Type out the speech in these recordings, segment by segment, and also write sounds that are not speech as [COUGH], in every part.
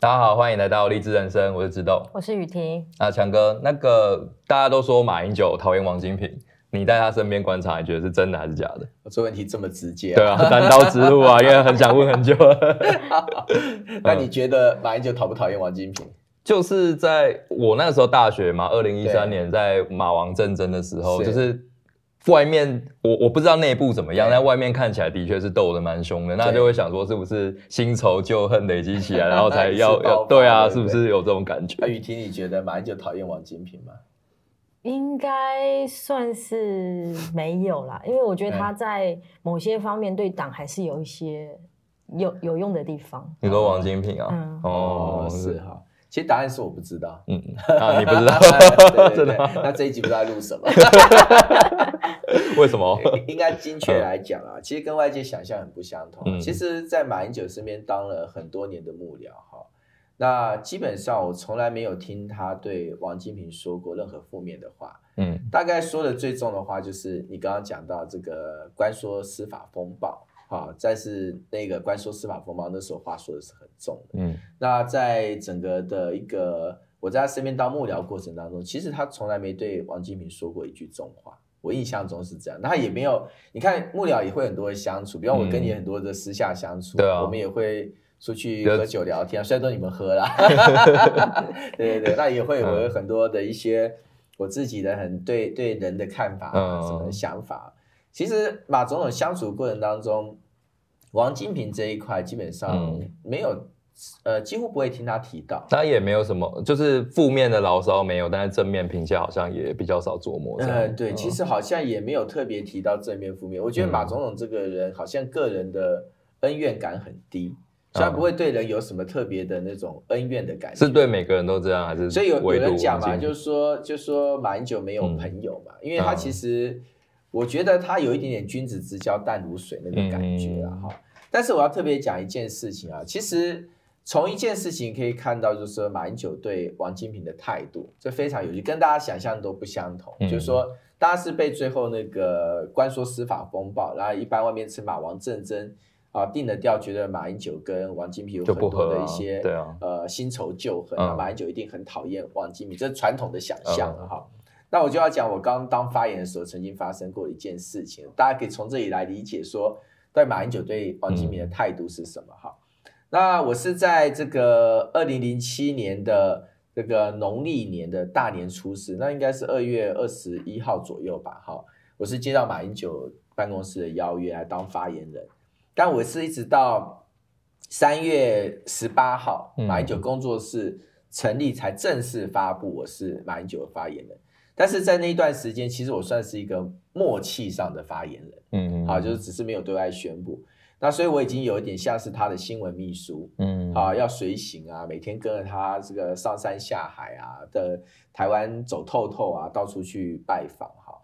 大家好，歡迎來到荔枝人生。我是志棟，我是雨婷。啊，強哥，那個大家都說馬英九討厭王金平，你在他身邊觀察，你覺得是真的還是假的？我、哦、這問題這麼直接啊，對啊，單刀直入啊， [LAUGHS] 因為很想問很久了 [LAUGHS] 好好。那你覺得馬英九討不討厭王金平、嗯？就是在我那個時候大學嘛，二零一三年在馬王政爭的時候，對就是。外面我我不知道內部怎麼樣，但外面看起來的確是鬥得蠻兇的，那就會想說是不是新仇舊恨累積起來，然後才要要。對啊，是不是有這種感覺？阿雨婷，你覺得馬英九討厭王金平嗎？應該算是沒有啦，因為我覺得他在某些方面對黨還是有一些有有用的地方。你說王金平啊？嗯，哦是哈，其實答案是我不知道，嗯啊你不知道，真的？那這一集不知道錄什麼？ [LAUGHS] 為什麼？應該精確來講啊，其實跟外界想象很不相同。嗯、其實，在馬英九身邊當了很多年的幕僚哈，那基本上我從來沒有聽他對王金平說過任何負面的話。嗯，大概說的最重的話就是你剛剛講到這個關說司法風暴哈，但是那個關說司法風暴，那，風暴那時候話說的是很重的。嗯，那在整個的一個我在他身邊當幕僚過程當中，其實他從來沒對王金平說過一句重話。我印象中是這樣，那他也沒有，你看幕僚也會很多相處，比方我跟你很多的私下相處，嗯哦、我們也會出去喝酒聊天，就雖然說你們喝了，對 [LAUGHS] [LAUGHS] 對對，那也會有很多的一些我自己的很對對人的看法，嗯、什麼的想法。其實馬總統相處的過程當中，王金平這一塊基本上沒有。呃，幾乎不會聽他提到。他也沒有什麼，就是負面的牢騷沒有，但是正面評價好像也比較少琢磨。嗯、呃，對，嗯、其實好像也沒有特別提到正面、負面。我覺得馬總統這個人好像個人的恩怨感很低，雖然、嗯、不會對人有什麼特別的那種恩怨的感覺、嗯。是對每個人都這樣，還是所以有有人講嘛，就是說，就是說，馬英九沒有朋友嘛，嗯、因為他其實、嗯、我覺得他有一點點君子之交淡如水那種感覺啊。哈、嗯嗯。但是我要特別講一件事情啊，其實。從一件事情可以看到，就是說馬英九對王金平的態度，這非常有趣，跟大家想象都不相同。嗯、就是說，大家是被最後那個關說、司法風暴，然後一般外面是馬王政爭啊定了調，覺得馬英九跟王金平有很多的一些就合、啊、對、啊、呃新仇舊恨，馬英九一定很討厭王金平，嗯、這是傳統的想象哈、嗯。那我就要講，我剛當發言的時候曾經發生過一件事情，大家可以從這裡來理解說，對馬英九對王金平的態度是什麼哈。嗯那我是在這個二零零七年的這個農曆年的大年初四，那應該是二月二十一號左右吧。哈，我是接到馬英九辦公室的邀約來當發言人，但我是一直到三月十八號馬英九工作室成立才正式發布我是馬英九的發言人。但是在那一段時間，其實我算是一個默契上的發言人，嗯嗯，好，就是只是沒有對外宣布。那所以我已經有一點像是他的新聞秘書，嗯，啊，要隨行啊，每天跟着他這個上山下海啊的台灣走透透啊，到處去拜訪哈。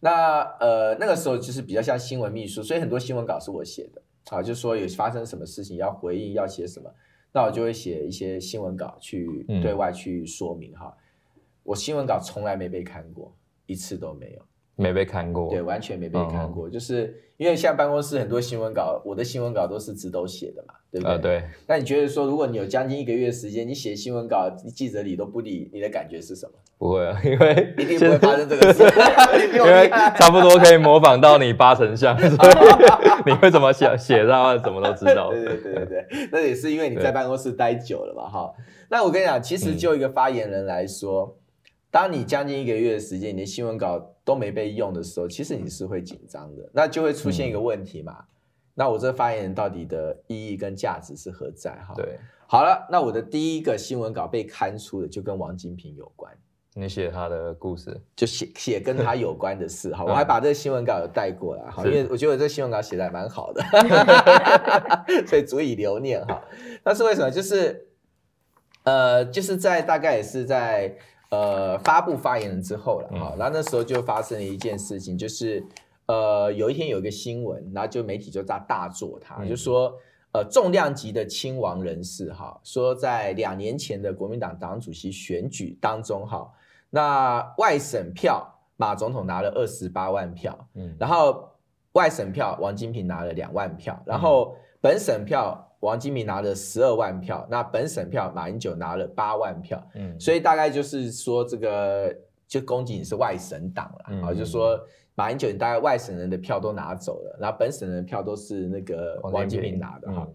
那呃那個時候就是比較像新聞秘書，所以很多新聞稿是我寫的，啊，就是說有發生什麼事情要回應要寫什麼，那我就會寫一些新聞稿去對外去說明哈、嗯。我新聞稿從來沒被看過一次都沒有。沒被看過，對，完全沒被看過，就是因為現在辦公室很多新聞稿，我的新聞稿都是直都寫的嘛，對不對？那你覺得說，如果你有將近一個月時間，你寫新聞稿，記者理都不理，你的感覺是什麼？不會啊，因為一定不會發生這個事，因為差不多可以模仿到你八成像，所以你會怎麼寫，寫到什麼都知道。對對對對對，那也是因為你在辦公室待久了嘛，哈。那我跟你講，其實就一個發言人來說。當你將近一個月的時間，你的新聞稿都沒被用的時候，其實你是會緊張的，那就會出現一個問題嘛？嗯、那我這發言人到底的意義跟價值是何在？哈，對，好了，那我的第一個新聞稿被刊出的就跟王金平有關，你寫他的故事，就寫寫跟他有關的事，哈， [LAUGHS] 我還把這個新聞稿有帶過來，哈，嗯、因為我覺得我這新聞稿寫得還蠻好的，是 [LAUGHS] 所以足以留念哈。那 [LAUGHS] 是為什麼？就是，呃，就是在大概也是在。呃，發布發言人之後了，哈，那那時候就發生了一件事情，嗯、就是，呃，有一天有一個新聞，然後就媒體就大大做他，嗯、就是說，呃，重量級的親王人士哈，說在兩年前的國民黨黨主席選舉當中哈，那外省票馬總統拿了二十八萬票，嗯，然後外省票王金平拿了兩萬票，然後本省票。嗯王金平拿了十二萬票，那本省票馬英九拿了八萬票，嗯，所以大概就是說這個就攻擊，你是外省黨了啊、嗯，就說馬英九你大概外省人的票都拿走了，嗯、然後本省人的票都是那個王金平拿的哈。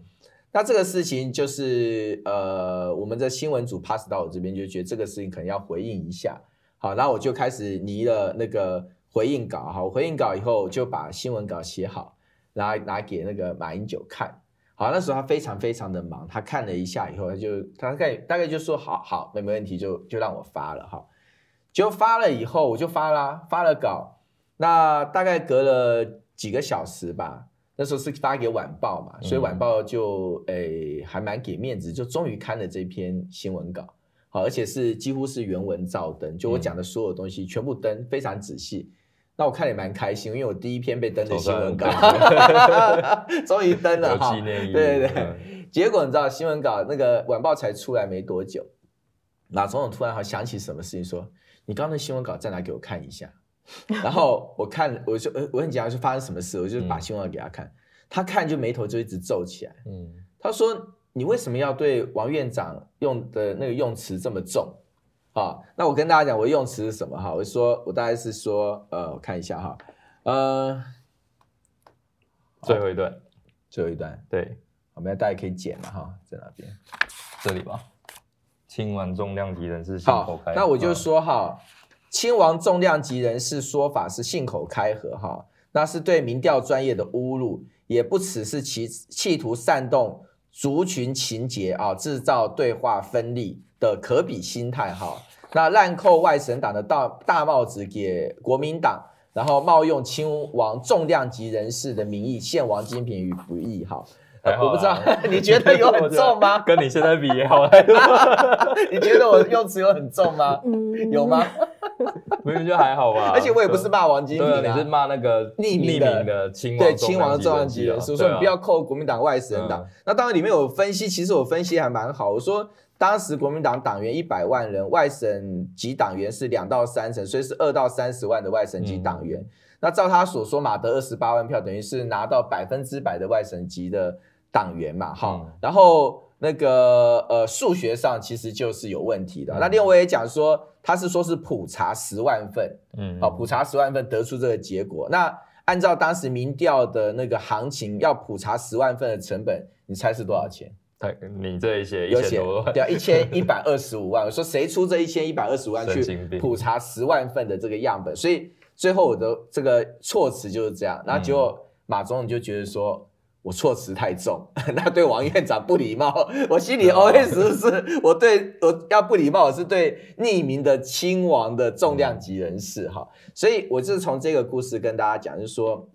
那這個事情就是呃，我們的新聞組 pass 到我這邊，就覺得這個事情可能要回應一下，好，然後我就開始擬了那個回應稿，我回應稿以後就把新聞稿寫好，然後拿給那個馬英九看。好，那時候他非常非常的忙，他看了一下以後，他就大概大概就說好好，沒沒問題，就就讓我發了哈，就發了以後，我就發了，發了稿。那大概隔了幾個小時吧，那時候是發給晚報嘛，所以晚報就誒、欸、還蠻給面子，就終於刊了這篇新聞稿。好，而且是幾乎是原文照登，就我講的所有東西全部登，非常仔細。那我看也蠻開心，因為我第一篇被登的新聞稿， [LAUGHS] 終於登了， [LAUGHS] 對對對。對，結果你知道新聞稿那個晚報才出來沒多久，馬總統突然好想起什麼事情，說，你剛剛那新聞稿再拿給我看一下？ [LAUGHS] 然後我看我就我很緊張，就發生什麼事，我就把新聞稿給他看，嗯、他看就眉頭就一直皺起來，嗯，他說你為什麼要對王院長用的那個用詞這麼重？啊，那我跟大家講，我用詞是什麼哈？我說，我大概是說，呃，我看一下哈，呃，最後一段，最後一段，對，我們大家可以剪了哈，在哪邊？這裡吧。親王重量級人士信口開河，河。那我就說哈，親王、嗯、重量級人士說法是信口開河哈，那是對民調專業的侮辱，也不只是其企圖煽動族群情結啊，製造對話分立的可比心態哈。那濫扣外省黨的大大帽子給國民黨，然後冒用親王重量級人士的名義陷王金平於不義。好，好，啊，我不知道， [LAUGHS] [LAUGHS] 你覺得有很重嗎？ [LAUGHS] 跟你現在比也好， [LAUGHS] [LAUGHS] [LAUGHS] 你覺得我用詞有很重嗎？ [LAUGHS] [LAUGHS] 有嗎？ [LAUGHS] 明明就還好吧，而且我也不是罵王金平啊，對對你是罵那個匿名的親王對親王重量級人，所以、啊、說你不要扣國民黨外省黨。嗯、那當然裡面有分析，其實我分析還蠻好，我說當時國民黨黨員一百萬人，外省籍黨員是兩到三成，所以是二到三十萬的外省籍黨員。嗯、那照他所說嘛，馬得二十八萬票，等於是拿到百分之百的外省籍的。黨員嘛，哈，嗯、然後那個呃，數學上其實就是有問題的。嗯、那另外我也講說，他是說是普查十萬份，嗯哦，普查十萬份得出這個結果。那按照當時民調的那個行情，要普查十萬份的成本，你猜是多少錢？他、嗯，你這一些，一千多萬，有寫，啊、 [LAUGHS] 一千一百二十五萬。我說誰出這一千一百二十五萬去普查十萬份的這個樣本？所以最後我的這個措辭就是這樣。那結果馬你就覺得說。嗯我措辭太重，那對王院長不禮貌。我心裡 OS 是我對我要不禮貌，我是對匿名的親王的重量級人士哈。嗯、所以我就是從這個故事跟大家講，就是說，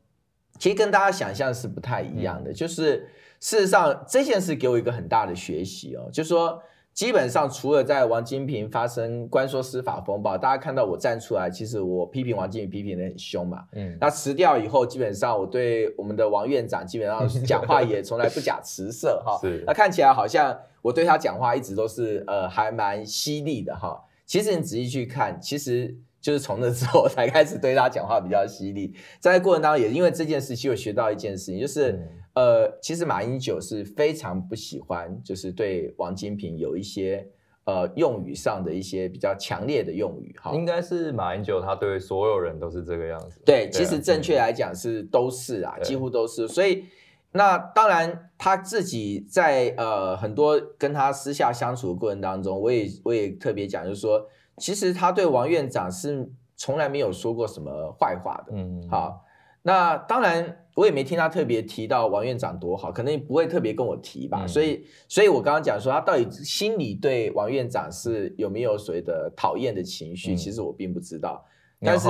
其實跟大家想象是不太一樣的。就是事實上這件事給我一個很大的學習哦，就是說。基本上，除了在王金平發生關說司法風暴，大家看到我站出來，其實我批評王金平批評得很凶嘛。嗯，那辭掉以後，基本上我對我們的王院長基本上講話也從來不假辭色哈。 [LAUGHS] 哦、是，那看起來好像我對他講話一直都是呃還蠻犀利的哈、哦。其實你仔細去看，其實。就是從那之後才開始對他講話比較犀利。在過程當中，也因為這件事情，我學到一件事情，就是呃，其實馬英九是非常不喜歡，就是對王金平有一些呃用語上的一些比較強烈的用語哈。應該是馬英九他對所有人都是這個樣子。對，其實正確來講是都是啊，幾乎都是。所以那當然他自己在呃很多跟他私下相處的過程當中，我也我也特別講，就是說。其實他對王院長是從來沒有說過什麼壞話的。嗯，好，那當然我也沒聽他特別提到王院長多好，可能也不會特別跟我提吧。嗯、所以，所以我剛剛講說他到底心裡對王院長是有沒有所謂的討厭的情緒，嗯、其實我並不知道。嗯、但是。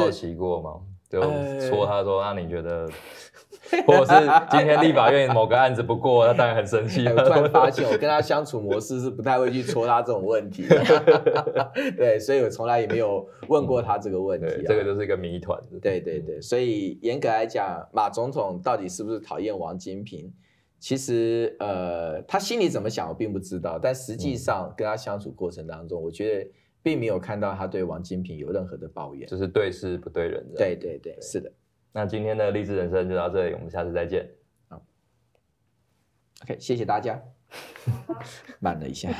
就戳他說，說那、哎、你覺得， [LAUGHS] 或者是今天立法院某個案子不過，他當然很生氣。哎、我突然發現，我跟他相處模式是不太會去戳他這種問題的。 [LAUGHS] 對，所以我從來也沒有問過他這個問題、啊嗯。對，這個就是一個謎團。對對對，所以嚴格來講，馬總統到底是不是討厭王金平？其實，呃，他心裡怎麼想，我並不知道。但實際上，跟他相處過程當中，我覺得。並沒有看到他對王金平有任何的抱怨，就是對事不對人的。對對對，對是的。那今天的荔枝人生就到這裡，我們下次再見。好，OK，謝謝大家。 [LAUGHS] [LAUGHS] 慢了一下。